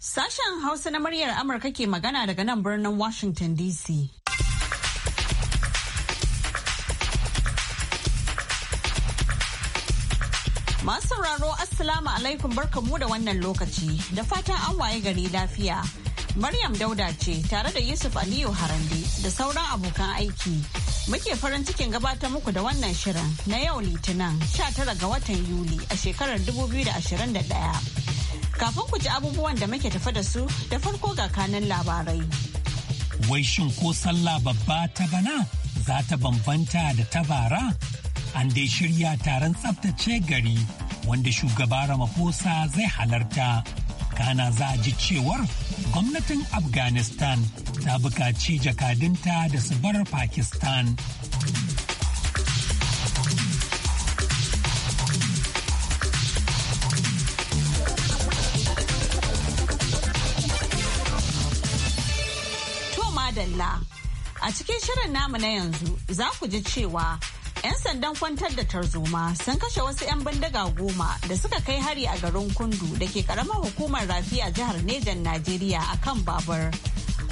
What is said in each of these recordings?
Sashen Hausa na muryar Amurka ke magana daga nan birnin Washington DC. Masu sauraro Assalamu alaikum barkamu da wannan lokaci da fatan an waye gari lafiya. Maryam Dauda ce tare da Yusuf Aliyu Harande da sauran abokan aiki. Muke farin cikin gabatar muku da wannan shirin na yau Litinin 19 ga watan Yuli a shekarar 2021. Kafin ku ji abubuwan da muke tafa da su da farko ga kanan labarai. Wai shin ko sallah babba ta bana za ta bambanta da ta bara? An dai shirya taron tsaftace gari wanda shugaba Ramaphosa zai halarta. Kana za a ji cewar gwamnatin afghanistan ta buƙaci jakadunta da su bar pakistan A cikin shirin namu na yanzu za ku ji cewa 'Yan sandan kwantar da tarzoma sun kashe wasu 'yan bindiga goma da suka kai hari a garin Kundu da ke karamar hukumar rafiya jihar Nejan Najeriya a kan babur.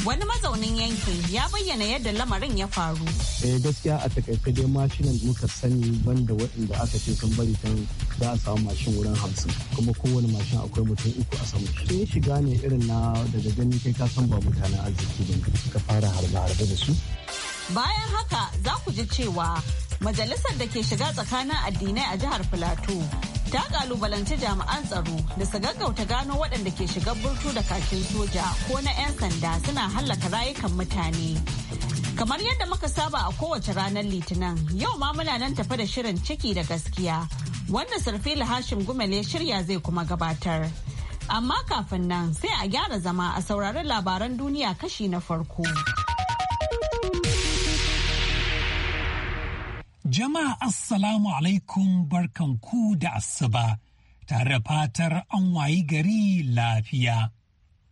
Wani mazaunin yankin ya bayyana yadda lamarin ya faru. Eh gaskiya a takaice dai mashinan muka sani banda waɗanda aka ce sun bari can za a samu mashin wurin hamsin kuma kowane mashin akwai mutum uku a samu Sun shiga ne irin na daga gani kai ka san ba mutanen arziki ba suka fara harba harba da su. Bayan haka za ku ji cewa majalisar da ke shiga tsakanin addinai a jihar Filato ta kalubalanci jami'an tsaro da su gaggauta gano waɗanda ke shiga burtu da kakin soja ko na 'yan sanda suna hallaka rayukan mutane. Kamar yadda muka saba a kowace ranar Litinin, yau ma muna nan tafi da shirin ciki da gaskiya, wanda Sarfila Hashim Gumel ya shirya zai kuma gabatar. Amma kafin nan sai a gyara zama a saurari labaran duniya kashi na farko. Jama'a Assalamu alaikum ku da asuba tare da fatar an wayi gari lafiya.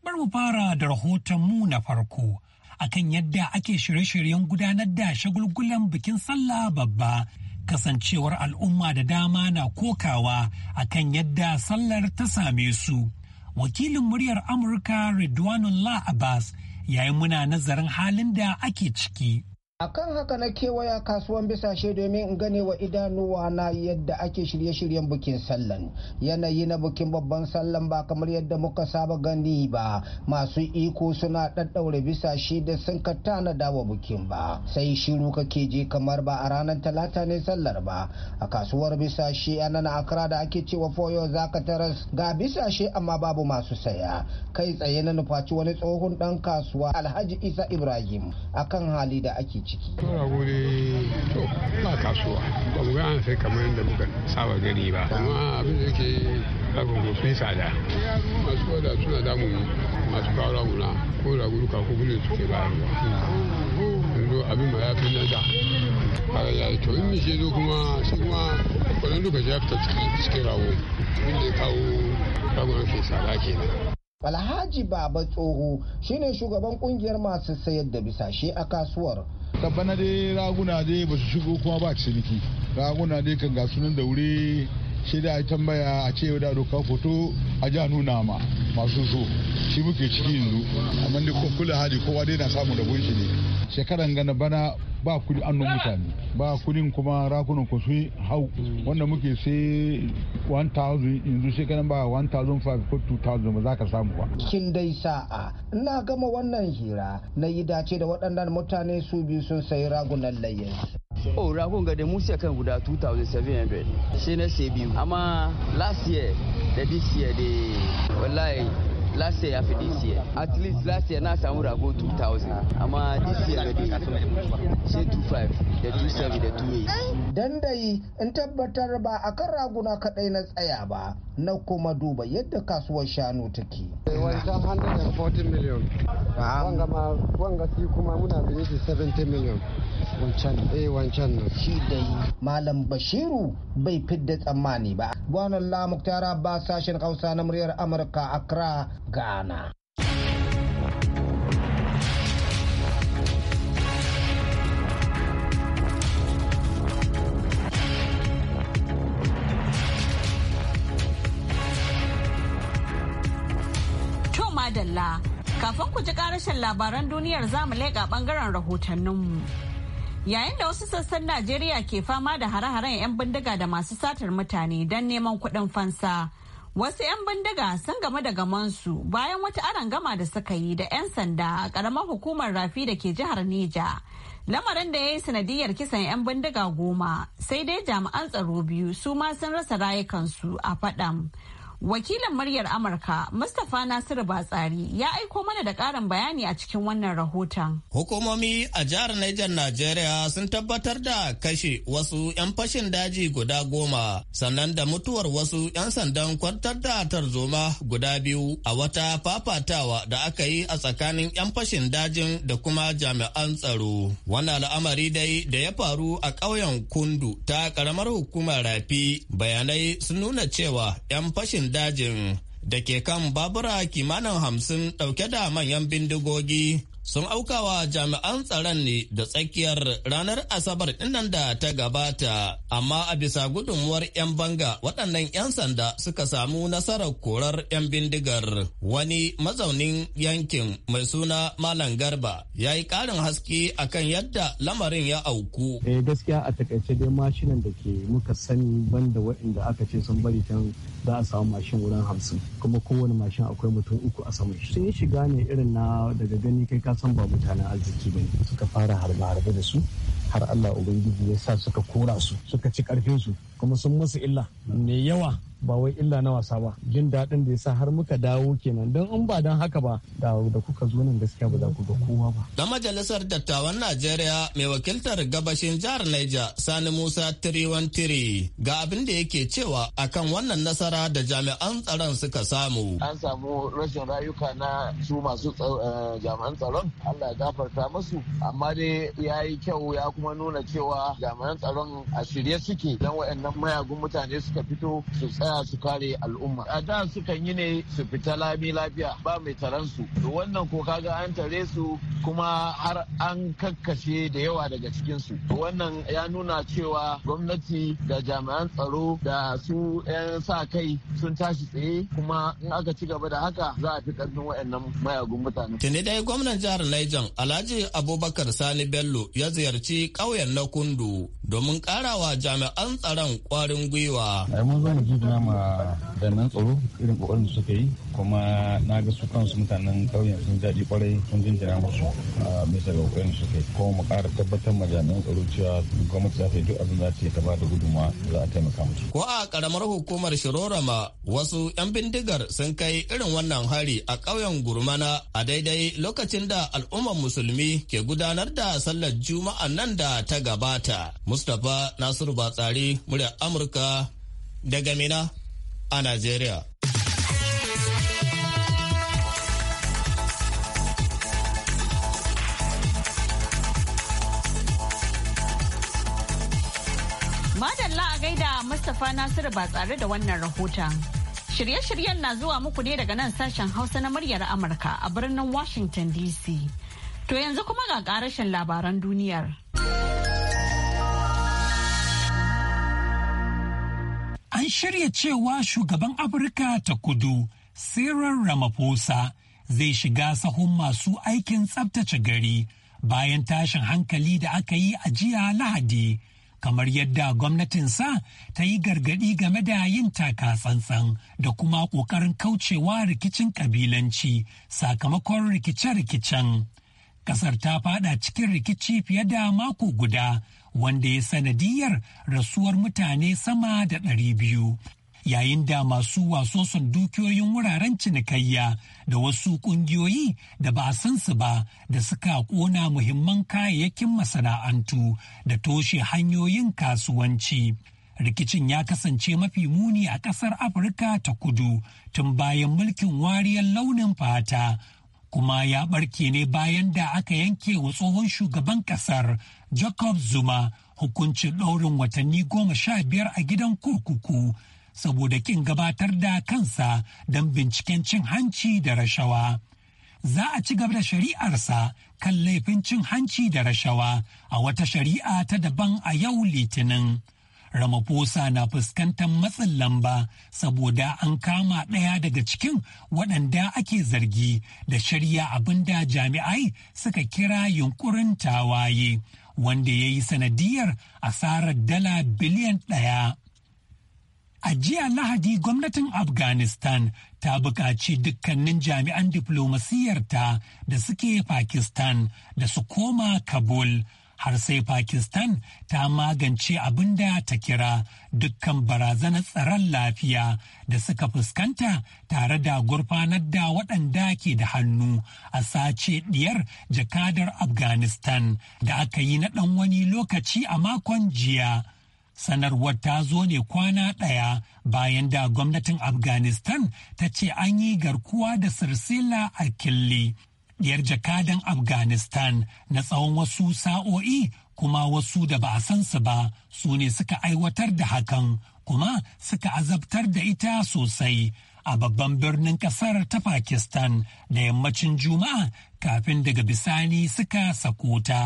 Bar mu fara da rahotonmu na farko akan yadda ake shirye-shiryen gudanar da shagulgulan bikin sallah babba kasancewar al'umma da dama na kokawa akan yadda sallar ta same su. Wakilin muryar Amurka Ridwanullah Abbas yi muna nazarin halin da ake ciki. akan haka na kewaya kasuwan bisashe domin in gane wa idanuwa na yadda ake shirye-shiryen bukin sallan yanayi na bukin babban sallan ba kamar yadda muka saba gani ba masu iko suna ɗaɗɗaure bisashe da sun ka tanada wa bukin ba sai shiru kake je kamar ba a ranar talata ne sallar ba a kasuwar bisashe a nan akra da ake cewa foyo zaka taras ga bisashe amma babu masu saya kai tsaye na nufaci wani tsohon ɗan kasuwa alhaji isa ibrahim akan hali da ake ciki rago dai to ba kasuwa ba mu ga an sai kamar yadda muka saba gani ba amma abin da yake rabin mu sun sada masu wada suna damu masu kawo raguna ko rago duka ko gudun suke bayarwa yanzu abin ma ya fi na da kaga ya yi to in ni shi zo kuma shi kuma kwanan lokaci ya fita cikin rago inda ya kawo ragunan ke sada kenan Alhaji Baba Tsoho shine shugaban kungiyar masu sayar da bisashe a kasuwar da bana dai raguna dai ba su shigo kuma ba ciniki raguna dai kan gasu nan da wuri shi da ya tambaya a ce da doka foto a ja nuna ma masu so shi muke ciki yanzu amma da kula hali kowa dai na samu da shi ne shekaran gana bana ba kudi annon mutane ba kudin kuma rakunan ku sun hau wanda muke sai 1000 yanzu shekaran ba 1500 ko 2000 ba za ka samu ba kin dai sa'a ina gama wannan hira na yi dace da waɗannan mutane su biyu sun sayi ragunan layin. oh ragon ga da musa kan guda 2700 shi na sai biyu amma last year da this year da wallahi last year after this year at least last year now some samu rago 2000 amma this year da say 25 da 27 da 28 dan dai in tabbatar ba a kan raguna kadai na tsaya ba na kuma duba yadda kasuwar shanu take wancan 140 million wanga ma wanga si kuma muna biye 70 million wancan eh wancan shi dai malam bashiru bai fidda tsammani ba gwanan lamuk tara ba sashen hausa na muryar amurka accra Ghana. Madalla kafin ku ji karashin labaran duniyar zamu leƙa bangaren rahotanninmu. Yayin da wasu sassan Najeriya ke fama da hare-haren 'yan bindiga da masu satar mutane don neman kuɗin fansa. Wasu 'yan bindiga sun game da gamansu bayan wata gama da suka yi da 'yan sanda a ƙaramar hukumar rafi da ke jihar Neja. Lamarin da ya yi sanadiyar kisan 'yan bindiga goma sai dai jami'an tsaro biyu su ma sun rasa rayukansu a faɗan. Wakilin muryar Amurka Mustapha Nasiru Batsari ya aiko mana da ƙarin bayani a cikin wannan rahoton. Hukumomi a jihar Niger Najeriya sun tabbatar da kashe wasu 'yan fashin daji guda goma sannan da mutuwar wasu 'yan sandan kwantar da tarzoma guda biyu a wata fafatawa da aka yi a tsakanin 'yan fashin dajin da kuma jami'an tsaro. Wannan al'amari dai da ya faru a ƙauyen Kundu ta ƙaramar hukumar Rafi bayanai sun nuna cewa 'yan fashin dajin da ke kan babura kimanin hamsin ɗauke da manyan bindigogi sun aukawa jami'an tsaron ne da tsakiyar ranar asabar dinnan da ta gabata amma a bisa gudunmuwar 'yan banga waɗannan 'yan sanda suka samu nasarar korar 'yan bindigar wani mazaunin yankin mai suna malam garba ya yi ƙarin haske akan yadda lamarin ya auku eh gaskiya a takaice dai mashinan da ke muka sani banda waɗanda aka ce sun bari can za a samu mashin wurin hamsin kuma kowane mashin akwai mutum uku a saman shi sun yi shiga ne irin na daga gani kai ka san ba mutanen arziki ba suka fara harbe harbe da su har Allah ubangiji ya sa suka kora su suka ci karfin su kuma sun masu illa mai yawa ba wai illa na wasa ba jin daɗin da ya sa har muka dawo kenan don in ba don haka ba da da kuka zo nan gaskiya ba za ku ga kowa ba. Da majalisar dattawan Najeriya mai wakiltar gabashin jihar Niger Sani Musa 313 ga abin da yake cewa akan wannan nasara da jami'an tsaron suka samu. An samu rashin rayuka na su masu eh, jami'an tsaron Allah ya gafarta musu amma dai ya yi kyau ya kuma nuna cewa jami'an tsaron a shirye suke don waɗannan mayagun mutane suka fito su tsaya tsaya su kare al'umma a da sukan yi ne su fita lami lafiya ba mai taron su da wannan ko kaga an tare su kuma har an kakkashe da yawa daga cikin su wannan ya nuna cewa gwamnati da jami'an tsaro da su 'yan sa kai sun tashi tsaye kuma in aka ci gaba da haka za a fi karfin wayannan mayagun mutane tuni dai gwamnan jihar Niger Alhaji Abubakar Sani Bello ya ziyarci ƙauyen na Kundu domin karawa jami'an tsaron kwarin gwiwa. Mun zo ne da nan tsaro irin kokarin da suka yi kuma na ga su kansu mutanen ƙauyen sun daɗi kwarai sun jinjina musu a bisa ga kokarin suka yi kuma mu ƙara tabbatar ma jami'an tsaro cewa gwamnati za ta yi duk abin da ta ta ba da gudunmawa za a taimaka musu. ko a ƙaramar hukumar shirorama wasu 'yan bindigar sun kai irin wannan hari a ƙauyen gurmana a daidai lokacin da al'ummar musulmi ke gudanar da sallar juma'a nan da ta gabata mustapha nasiru batsari murya amurka daga Mina a Najeriya. Madalla a gaida Mustapha Nasiru ba tsare da wannan rahoton. Shirye-shiryen na zuwa muku ne daga nan sashen Hausa na muryar Amurka a birnin Washington DC. To yanzu kuma ga ƙarashin labaran duniyar. An shirya cewa shugaban Afirka ta kudu, Cyril Ramaphosa, zai shiga sahun masu aikin tsabtace gari bayan tashin hankali da aka yi a jiya Lahadi, kamar yadda gwamnatinsa ta yi gargadi game da yin taka tsantsan da kuma ƙoƙarin kaucewa rikicin ƙabilanci sakamakon rikice-rikicen. kasar ta fada cikin rikici fiye da mako guda wanda ya sanadiyar rasuwar mutane sama da ɗari biyu yayin da masu wasoson dukiyoyin wuraren cinikayya da wasu ƙungiyoyi da ba a san su ba da suka kona muhimman kayayyakin masana'antu da toshe hanyoyin kasuwanci rikicin ya kasance mafi muni a ƙasar afirka ta kudu tun bayan mulkin wariyar launin fata kuma ya barke ne bayan da aka yanke wa tsohon shugaban kasar jacob zuma hukuncin ɗaurin watanni goma sha biyar a gidan kurkuku saboda kin gabatar da kansa don binciken cin hanci da rashawa za a ci gaba da shari'arsa kan laifin cin hanci da rashawa a wata shari'a ta daban a yau litinin Ramaphosa na fuskantar matsin lamba saboda an kama ɗaya daga cikin waɗanda ake zargi da shari'a abin da jami'ai suka kira yunkurin tawaye wanda ya yi sanadiyar asarar dala biliyan ɗaya. A jiya Lahadi gwamnatin Afghanistan ta buƙaci dukkanin jami'an diflomasiyarta da suke Pakistan da su koma Kabul. har sai Pakistan ta magance abin da ta kira dukkan barazanar tsaron lafiya da suka fuskanta tare da gurfanar da waɗanda ke da hannu a sace ɗiyar jakadar Afghanistan da aka yi na ɗan wani lokaci a makon jiya. sanarwar ta zo ne kwana ɗaya bayan da gwamnatin afghanistan ta ce an yi garkuwa da sirsila a killi yar jakadan afghanistan na tsawon wasu sa'o'i kuma wasu da ba a san su ba su ne suka aiwatar da hakan kuma suka azabtar da ita sosai a babban birnin kasar ta pakistan da yammacin juma'a kafin daga bisani suka sakota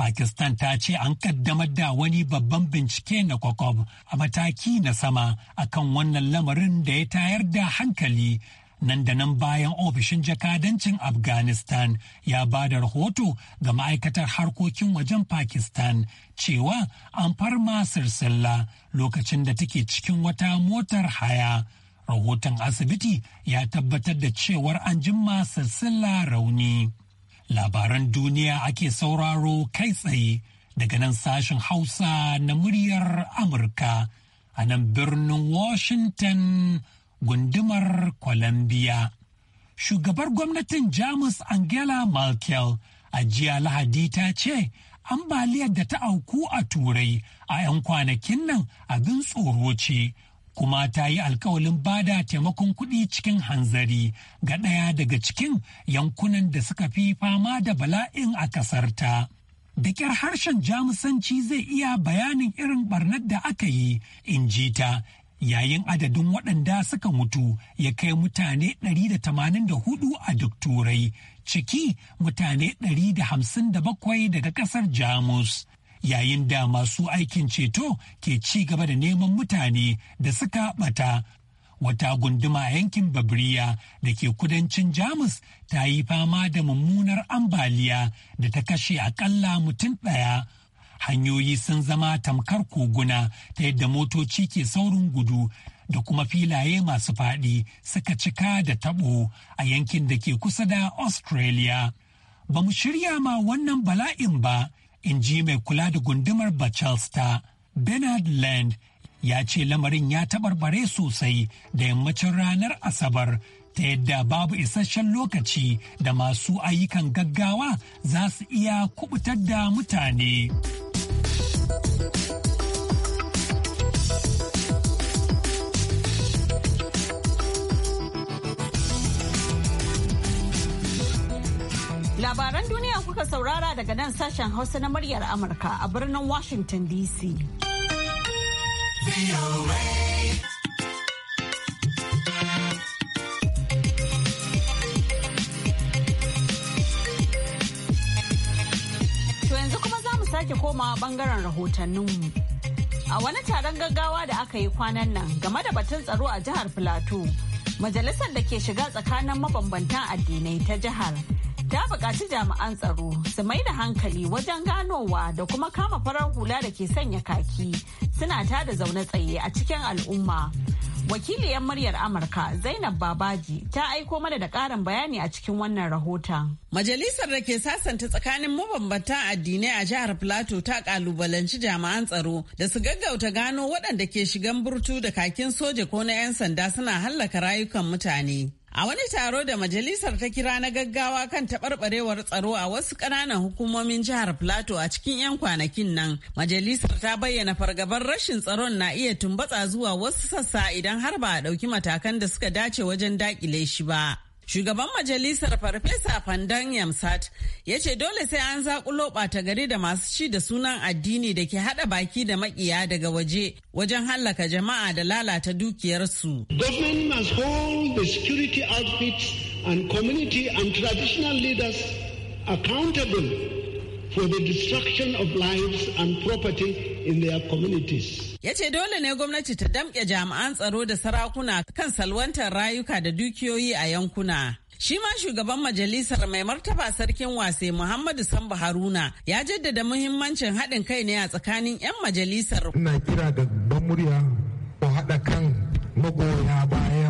pakistan ta ce an kaddamar da wani babban bincike na kwakwab a mataki na sama akan wannan lamarin da ya tayar da hankali nan da nan bayan ofishin jakadancin afghanistan ya ba da rahoto ga ma'aikatar harkokin wajen pakistan cewa an farma sirsilla lokacin da take cikin wata motar haya rahoton asibiti ya tabbatar da cewar an jimma sirsilla rauni labaran duniya ake sauraro kai tsaye daga nan sashen hausa na muryar amurka a nan birnin washington gundumar Colombia. Shugabar gwamnatin Jamus Angela Merkel a jiya Lahadi ta ce ambaliyar da ta auku a Turai a 'yan kwanakin nan abin tsoro ce. kuma ta yi alkawalin bada taimakon kuɗi cikin hanzari ga ɗaya daga cikin yankunan da suka fi fama da bala'in a ƙasarta. Da ƙyar harshen Jamusanci zai iya bayanin irin ɓarnar da aka yi, in ji ta yayin adadin waɗanda suka mutu ya kai mutane 184 a duk turai ciki mutane 157 daga ƙasar jamus yayin da masu aikin ceto ke ci gaba da neman mutane da suka ɓata wata gunduma a yankin babriya da ke kudancin jamus ta yi fama da mummunar ambaliya da ta kashe akalla mutum ɗaya hanyoyi sun zama tamkar koguna ta yadda motoci ke saurin gudu da kuma filaye masu faɗi suka cika da tabo a yankin da ke kusa da australia ba mu shirya ma wannan bala'in ba in ji mai kula da gundumar bachelsta bernard land ya ce lamarin ya taɓarɓare sosai da yammacin ranar asabar ta yadda babu isasshen lokaci da masu ayyukan gaggawa za su iya kubutar da mutane. Labaran duniya kuka saurara daga nan sashen Hausa na muryar Amurka a birnin Washington DC. koma bangaren rahotanninmu. A wani taron gaggawa da aka yi kwanan nan game da batun tsaro a jihar Filato, majalisar da ke shiga tsakanin mabambantan addinai ta jihar ta buƙaci jami'an tsaro su mai da hankali wajen ganowa da kuma kama farar hula da ke sanya kaki suna tada zaune tsaye a cikin al'umma. Wakiliyar muryar Amurka Zainab Babaji ta aiko mana da karin bayani a cikin wannan rahoton. Majalisar da ke sasanta tsakanin mabambantan addinai a jihar Plateau ta kalubalanci jami'an tsaro da su gaggauta gano waɗanda ke shigan burtu da kakin soja ko na 'yan sanda suna hallaka rayukan mutane. A wani taro da majalisar ta kira na gaggawa kan taɓarɓarewar tsaro a wasu ƙananan hukumomin jihar Plateau a cikin 'yan kwanakin nan, majalisar ta bayyana fargabar rashin tsaron na iya tumbatsa zuwa wasu sassa idan har ba a ɗauki matakan da suka dace wajen daƙile shi ba. Shugaban majalisar Farfesa Fandan Yamsat ya ce dole sai an zakulo ɓata gari da masu ci da sunan addini da ke haɗa baki da maƙiya daga waje wajen hallaka jama'a da lalata dukiyarsu. Government must hold the security outfits and community and traditional leaders accountable for the destruction of lives and property in their communities. Ya ce dole ne gwamnati ta damƙe jami'an tsaro da sarakuna kan salwantar rayuka da dukiyoyi a yankuna. Shi ma shugaban majalisar mai martaba sarkin wase Muhammadu Sambu Haruna ya jaddada muhimmancin haɗin kai ne a tsakanin 'yan majalisar. Ina kira da ban murya ko haɗa kan magoya baya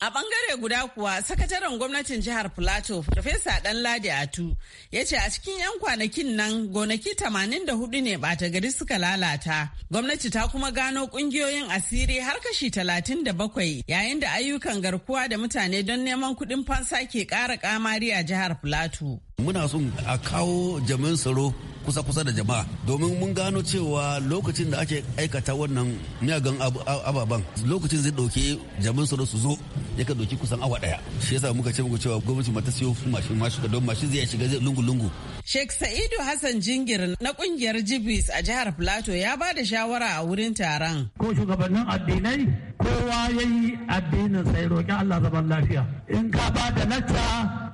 A bangare guda kuwa sakataren gwamnatin jihar Filato, Profesa Danladi Atu, ya ce a cikin 'yan kwanakin nan gonaki 84 ne bata gari suka lalata. Gwamnati ta kuma gano kungiyoyin asiri har kashi 37 yayin da ayyukan garkuwa da mutane don neman kudin fansa ke kara kamari a jihar Filato. Muna son a kawo jam'in tsaro kusa-kusa da jama'a domin mun gano cewa lokacin da ake aikata wannan miyagan ababen lokacin zai ɗauki jamin su su zo ya ka ɗauki kusan awa ɗaya shi yasa muka ce muku cewa gwamnati mata siyo mashin mashin don mashin zai shiga zai lungu-lungu. Sheikh Sa'idu Hassan Jingir na kungiyar Jibis a jihar Plateau ya ba da shawara a wurin taron. Ko shugabannin addinai kowa ya yi addinin sai roƙi Allah zaman lafiya. In ka ba da nata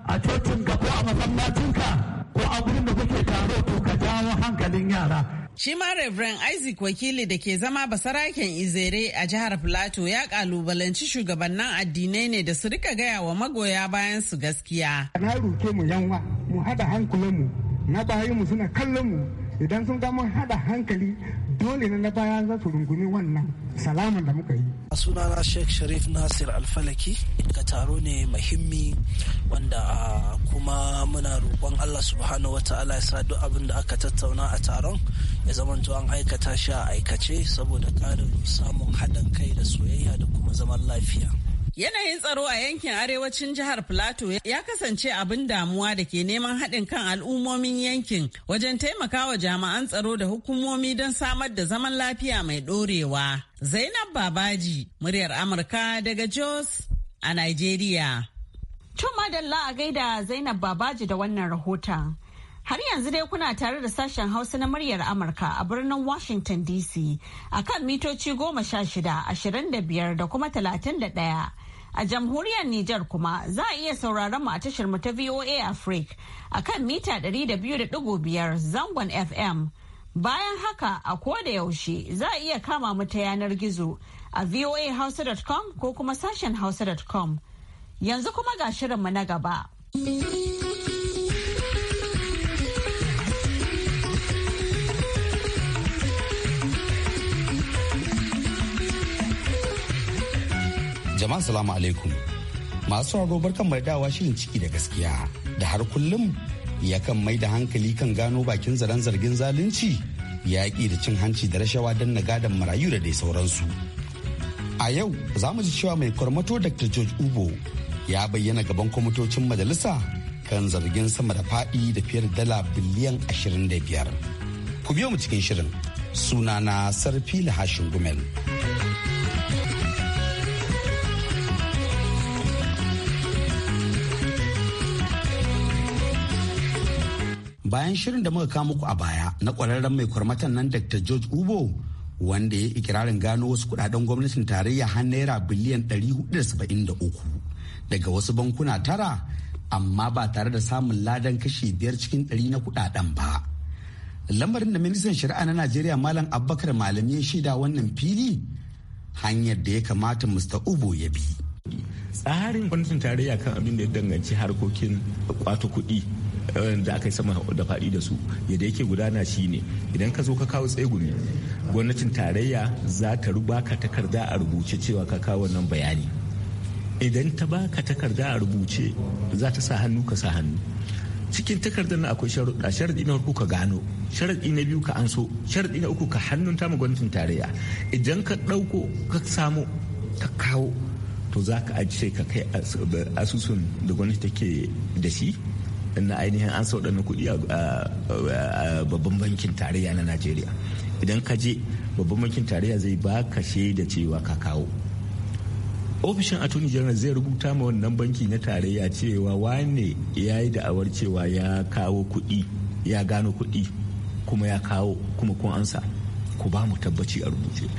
a cocin ka ko a masallacinka ko a gurin da kuke taro to ka jawo hankalin yara Shi ma Reverend Isaac wakili da ke zama basaraken Izere a jihar Filato ya kalubalanci shugabannin addinai ne da su rika gaya wa magoya bayan su gaskiya. Na roke mu yanwa, mu haɗa hankulanmu, na bayanmu mu suna kallon mu idan sun mun hada hankali dole ne na baya za su rungumi wannan salaman da muka yi a sunana sheikh sharif nasir alfalaki ka taro ne mahimmi wanda kuma muna roƙon allah subhanahu ta'ala ya sa duk abin da aka tattauna a taron ya zamanta an aikata shi a aikace saboda karin samun haɗin kai da soyayya da kuma zaman lafiya Yanayin tsaro a yankin arewacin jihar Plateau ya kasance abin damuwa da ke neman haɗin kan al'ummomin yankin wajen taimakawa jami'an tsaro da hukumomi don samar da zaman lafiya mai ɗorewa. Zainab Babaji, muryar Amurka daga Jos a Nigeria. Tun madalla a gaida Zainab Babaji da wannan rahoton. Har yanzu dai kuna tare da sashen Hausa na muryar Amurka a birnin Washington DC a kan mitoci goma sha shida, ashirin da biyar da kuma talatin da ɗaya. A jamhuriyar Nijar kuma za a iya sauraron mu a tashar mu ta VOA Africa a kan mita 200.5 zangon FM. Bayan haka a koda yaushe za a iya kama mu ta yanar gizo a voahausa.com ko kuma sashen hausa.com. Yanzu kuma ga mu na gaba. Jama'a salamu alaikum. Masu sauraro barkan mai dawa shirin ciki da gaskiya da har kullum ya kan mai da hankali kan gano bakin zaren zargin zalunci yaƙi da cin hanci da rashawa don na gadon marayu da dai sauransu. A yau za mu ji cewa mai kwarmato Dr. George Ubo ya bayyana gaban kwamitocin majalisa kan zargin sama da faɗi da fiye da dala biliyan ashirin da biyar Ku biyo mu cikin shirin sunana sarfi Hashin Gumel. bayan shirin da muka kawo muku a baya na kwararren mai kwarmatan nan dr george ubo wanda ya ikirarin gano wasu kudaden gwamnatin tarayya har naira biliyan 473 daga wasu bankuna tara amma ba tare da samun ladan kashi biyar cikin ɗari na kudaden ba lamarin da ministan shari'a na najeriya malam abubakar malami ya shaida wannan fili hanyar da ya kamata mr ubo ya bi tsarin gwamnatin tarayya kan abin da ya danganci harkokin kwato kuɗi Eh, da aka yi sama da faɗi da su yadda yake gudana shi ne idan ka zo ka kawo tsegumi gwamnatin tarayya za ta rubaka takarda a rubuce cewa ka kawo wannan bayani idan ta baka takarda a rubuce za ta sa hannu ka sa hannu cikin takardar na akwai sharuɗa sharaɗi na farko ka gano sharaɗi na biyu ka anso sharaɗi na uku ka hannun ta gwamnatin tarayya idan ka ɗauko ka samu ka kawo to za ka ajiye ka kai asusun da gwamnati take da shi na ainihin an sau kuɗi a babban bankin tarayya na najeriya idan ka je babban bankin tarayya zai ba ka shaida cewa ka kawo ofishin attorney general zai rubuta ma wannan banki na tarayya cewa wane ya yi da'awar cewa ya kawo kuɗi ya gano kuɗi kuma ya kawo kuma kun ansa ku ba mu tabbaci a rubuce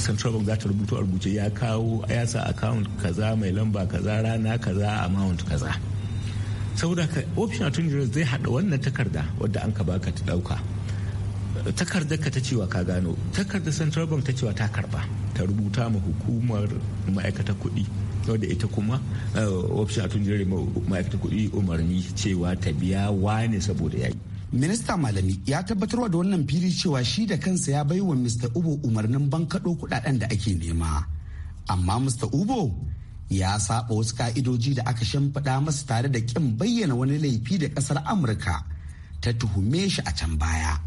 central bank za ta rubuto a rubuce ya kawo ya sa account kaza mai lamba kaza rana kaza amount kaza saboda ka ofishin attorney general zai hada wannan takarda wadda an ka baka ta dauka takarda ka ta cewa ka gano takarda central bank ta cewa ta karba ta rubuta ma hukumar ma'aikatar kuɗi wadda ita kuma eh, ofishin attorney general ma'aikatar kuɗi umarni cewa ta biya wani saboda yayi minista malami ya tabbatarwa da wannan fili cewa shi da kansa ya bai wa mr ubo umarnin bankaɗo kuɗaɗen da ake nema amma mr ubo ya saba wasu ka'idoji da aka shimfiɗa masa tare da ƙin bayyana wani laifi da ƙasar amurka ta tuhume shi a can baya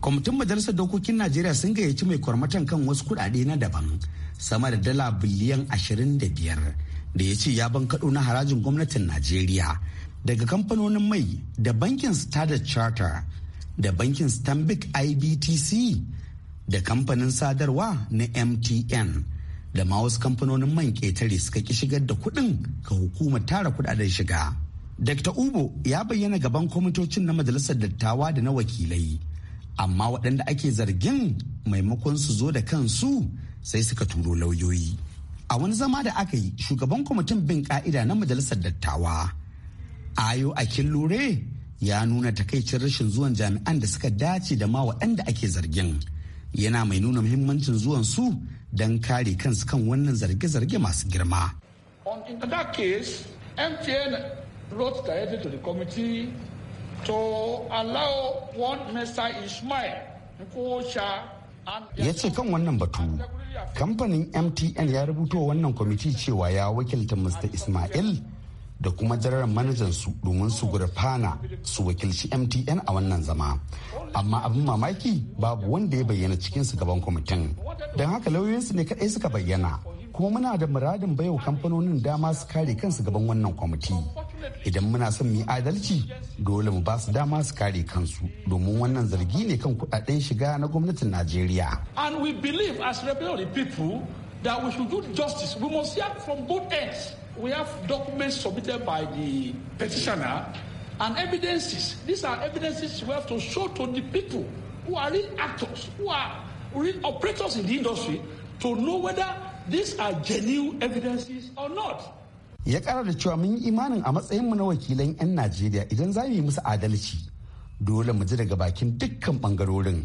kwamitin majalisar dokokin najeriya sun gayyaci mai kwarmatan kan wasu kuɗaɗe na daban sama da dala biliyan 25 da ya ce ya bankaɗo na harajin gwamnatin najeriya daga kamfanonin mai da bankin standard charter da bankin stanbic ibtc da kamfanin sadarwa na mtn da ma wasu kamfanonin man ƙetare suka ki shigar da kuɗin ga hukumar tara kuɗaɗen shiga. Dr. Ubo ya bayyana gaban kwamitocin na majalisar dattawa da na wakilai, amma waɗanda ake zargin maimakon su zo da kansu sai suka turo lauyoyi. A wani zama da aka yi shugaban kwamitin bin ka'ida na majalisar dattawa, Ayo a Lure ya nuna takaicin rashin zuwan jami'an da suka dace da ma waɗanda ake zargin. Yana mai nuna muhimmancin zuwan su don kare kansu kan wannan zarge-zarge masu girma. that MTN the committee to allow Mr. ya ce kan wannan batu kamfanin mtn ya rubuto wannan kwamiti cewa ya wakilta mr ismail da kuma jarar manajan su domin su gurfana su wakilci mtn a wannan zama amma abin mamaki babu wanda ya bayyana cikin su gaban kwamitin don haka lauyoyinsu ne kadai suka bayyana kuma muna da muradin baiwa kamfanonin dama su kare kansu gaban wannan kwamiti idan muna son mu adalci dole mu ba su dama su kare kansu domin wannan zargi ne kan kudaden shiga na gwamnatin najeriya and we believe as people that we should do justice. We must hear from both ends. We have documents submitted by the petitioner and evidences. These are evidences we have to show to the people who are real actors, who are real operators in the industry, to know whether these are genuine evidences or not. ya kara da cewa mun yi imanin a matsayinmu na wakilan 'yan najeriya idan za mu yi musu adalci dole mu ji daga bakin dukkan bangarorin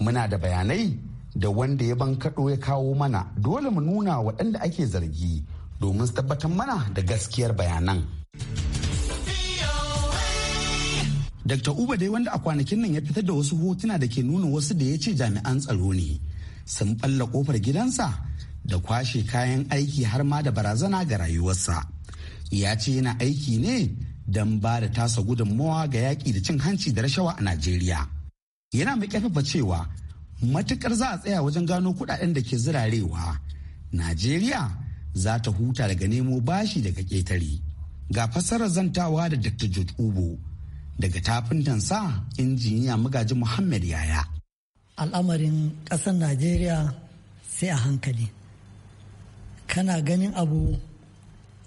muna da bayanai da wanda ya ban kaɗo ya kawo mana dole mu nuna waɗanda ake zargi domin tabbatar mana da gaskiyar bayanan. Dr. Uba dai wanda a kwanakin nan ya fitar da wasu hotuna da ke nuna wasu da ya ce jami'an tsaro ne sun balla kofar gidansa da kwashe kayan aiki har ma da barazana ga rayuwarsa. Ya ce yana aiki ne don ba da tasa gudunmawa ga yaƙi da cin hanci da rashawa a Najeriya. Yana mai ƙarfafa cewa matukar za a tsaya wajen gano kudaden da ke zirarewa najeriya za ta huta daga nemo bashi daga ketare ga fassarar zantawa da dr george ubo daga tafin sa injiniya magaji muhammad yaya al'amarin ƙasar najeriya sai a hankali kana ganin abu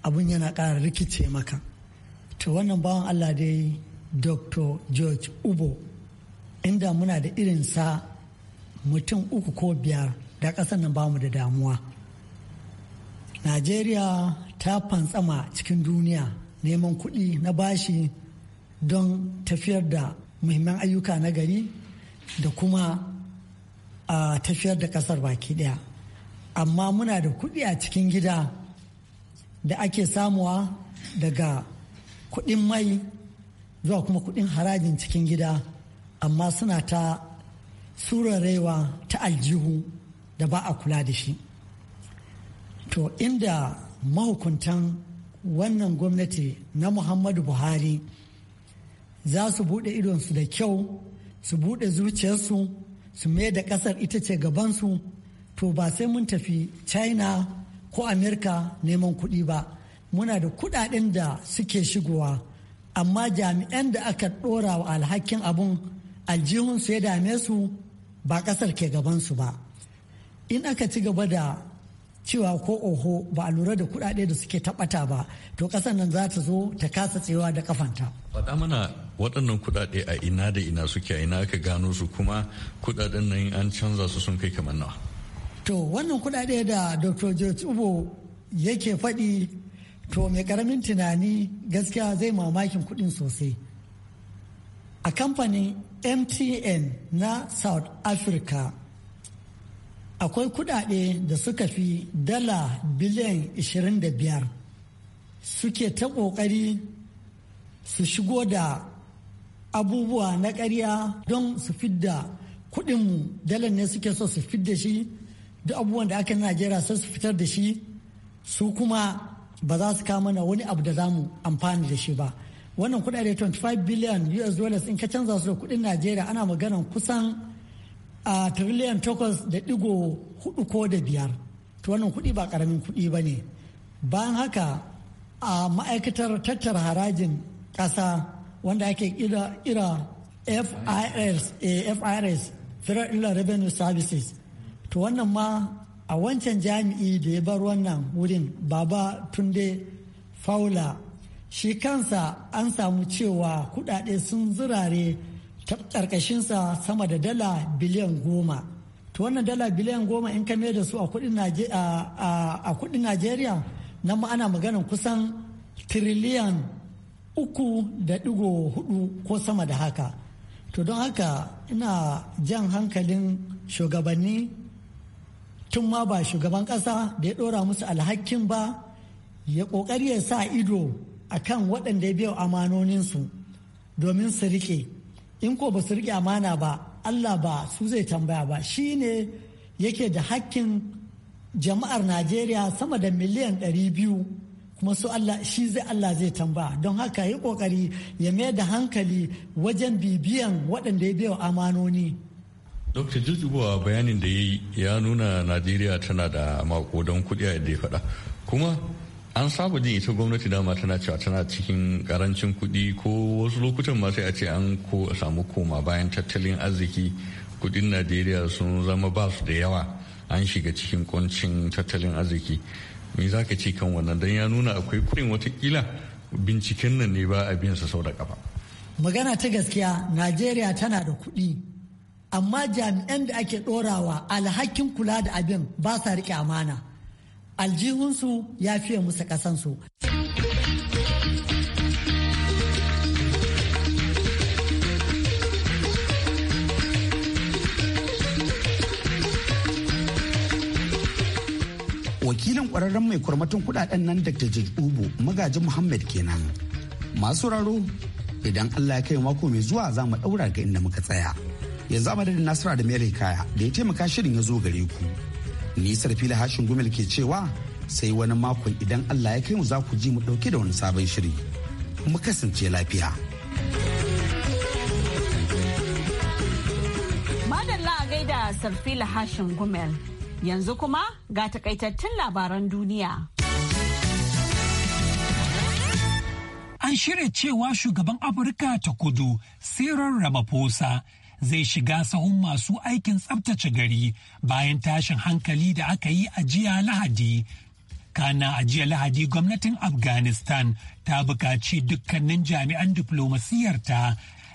abun yana ƙara rikice maka to wannan bawan allah dai dr george ubo inda muna da irin sa. mutum uku ko biyar da ƙasar nan bamu da damuwa najeriya ta fantsama cikin duniya neman kuɗi na bashi don tafiyar da muhimman ayyuka na gari da kuma a tafiyar da ƙasar baki ɗaya amma muna da kuɗi a cikin gida da ake samuwa daga kuɗin mai zuwa kuma kuɗin harajin cikin gida amma suna ta tsurarewa ta aljihu da ba a kula da shi to inda mahukuntan wannan gwamnati na muhammadu buhari za su buɗe idonsu da kyau su bude zuciyarsu su mai da kasar ita ce gabansu to ba sai mun tafi china ko amerika neman kuɗi ba muna da kuɗaɗen da suke shigowa amma jami'an da aka ɗora wa alhakin abun aljihun su ya dame su ba kasar ke gabansu ba in aka ci gaba da cewa ko oho ba a lura da kudade da suke taɓata ba to kasar nan za ta zo ta kasa tsewa da kafanta faɗa mana waɗannan kudade a ina da ina suke a ina aka gano su kuma kudaden nan an canza su sun kai kamar nawa to wannan kudade da dr george ubo yake faɗi to mai karamin tunani gaskiya zai mamakin kudin sosai a kamfanin mtn na south africa akwai kudade da suka fi dala biliyan 25 suke ta kokari su shigo da abubuwa na ƙarya don su fidda kudinmu dalar ne suke so su fidda shi duk abubuwan da aka najeriya sai su fitar da shi su kuma ba za su kama na wani abu da za mu amfani da shi ba wannan kudade 25 billion US dollars in ka canza su da kudin Najeriya ana magana kusan a trillion takwas da digo hudu ko da biyar to wannan kudi ba karamin kudi ba ne bayan haka a ma'aikatar tattara harajin kasa wanda ake ira ira FIRS eh, FIRS Federal Inland Revenue Services to wannan ma a wancan jami'i da ya bar wannan wurin baba tunde faula shi kansa an samu cewa kudade sun zirare ta karkashinsa sama da dala biliyan goma to wannan dala biliyan goma in ka da su a kudin najeriya nan ma'ana ana maganin kusan tiriliyan uku da digo hudu ko sama da haka to don haka ina jan hankalin shugabanni tun ma ba shugaban kasa da ya dora musu alhakin ba ya kokari ya sa ido a kan waɗanda ya biya amanoninsu domin su riƙe in ko ba su riƙe amana ba allah ba su zai tambaya ba shi ne yake da hakkin jama'ar najeriya sama da miliyan 200 kuma su allah shi zai allah zai tambaya don haka yi kokari ya mai da hankali wajen bibiyan waɗanda ya biya amanoni dr jujjubawa bayanin da ya yi ya nuna najeriya tana da mako don kuɗi a yadda ya faɗa kuma an saba jin ita gwamnati dama tana cewa tana cikin karancin kuɗi ko wasu lokutan ma sai a ce an ko samu koma bayan tattalin arziki kuɗin najeriya sun zama ba su da yawa an shiga cikin kuncin tattalin arziki me za ka ce kan wannan don ya nuna akwai kuɗin watakila binciken nan ne ba a biyan sa sau da kafa magana ta gaskiya najeriya tana da kuɗi amma jami'an da ake ɗorawa alhakin kula da abin ba sa rike amana aljihunsu ya fiye musu kasansu. wakilin ƙwararren mai kwarmatin kudaden nan dr ubu magaji muhammad kenan masu raro idan allah ya kai mako mai zuwa za mu daura ga inda muka tsaya yanzu a madadin nasara da mere kaya da ya taimaka shirin ya zo gare ku nisar fili hashin gumel ke cewa sai wani makon idan allah ya kai mu za ku ji mu ɗauke da wani sabon shiri mu kasance lafiya madalla a gaida sarfila hashin gumel yanzu kuma ga takaitattun labaran duniya an shirya cewa shugaban afirka ta kudu sirar ramaphosa zai shiga sahun masu aikin tsabtace gari bayan tashin hankali da aka yi a jiya lahadi kana a jiya lahadi gwamnatin afghanistan ta buƙaci dukkanin jami'an diflomasiyarta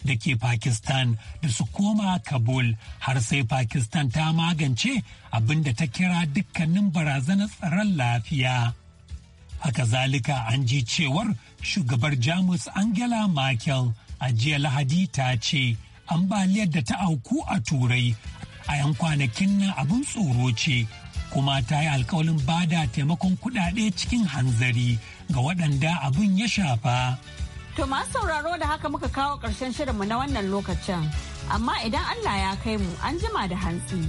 da ke pakistan da su koma kabul har sai pakistan ta magance abin da ta kira dukkanin barazanar tsaron lafiya haka zalika an ji cewar shugabar jamus angela merkel a jiya lahadi ta ce ambaliyar da ta auku a turai a yan kwanakin nan abin tsoro ce kuma ta yi alkawalin bada taimakon kudade cikin hanzari ga waɗanda abin ya shafa. To masu sauraro da haka muka kawo ƙarshen shirinmu na wannan lokacin. Amma idan Allah ya kai mu an jima da hantsi,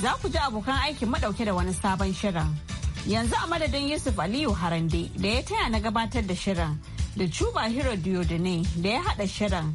za ku ji abokan aikin maɗauke da wani sabon shirin. Yanzu a madadin Yusuf Aliyu Harande da ya taya na gabatar da shirin da Chuba Hero Diodine da ya haɗa shirin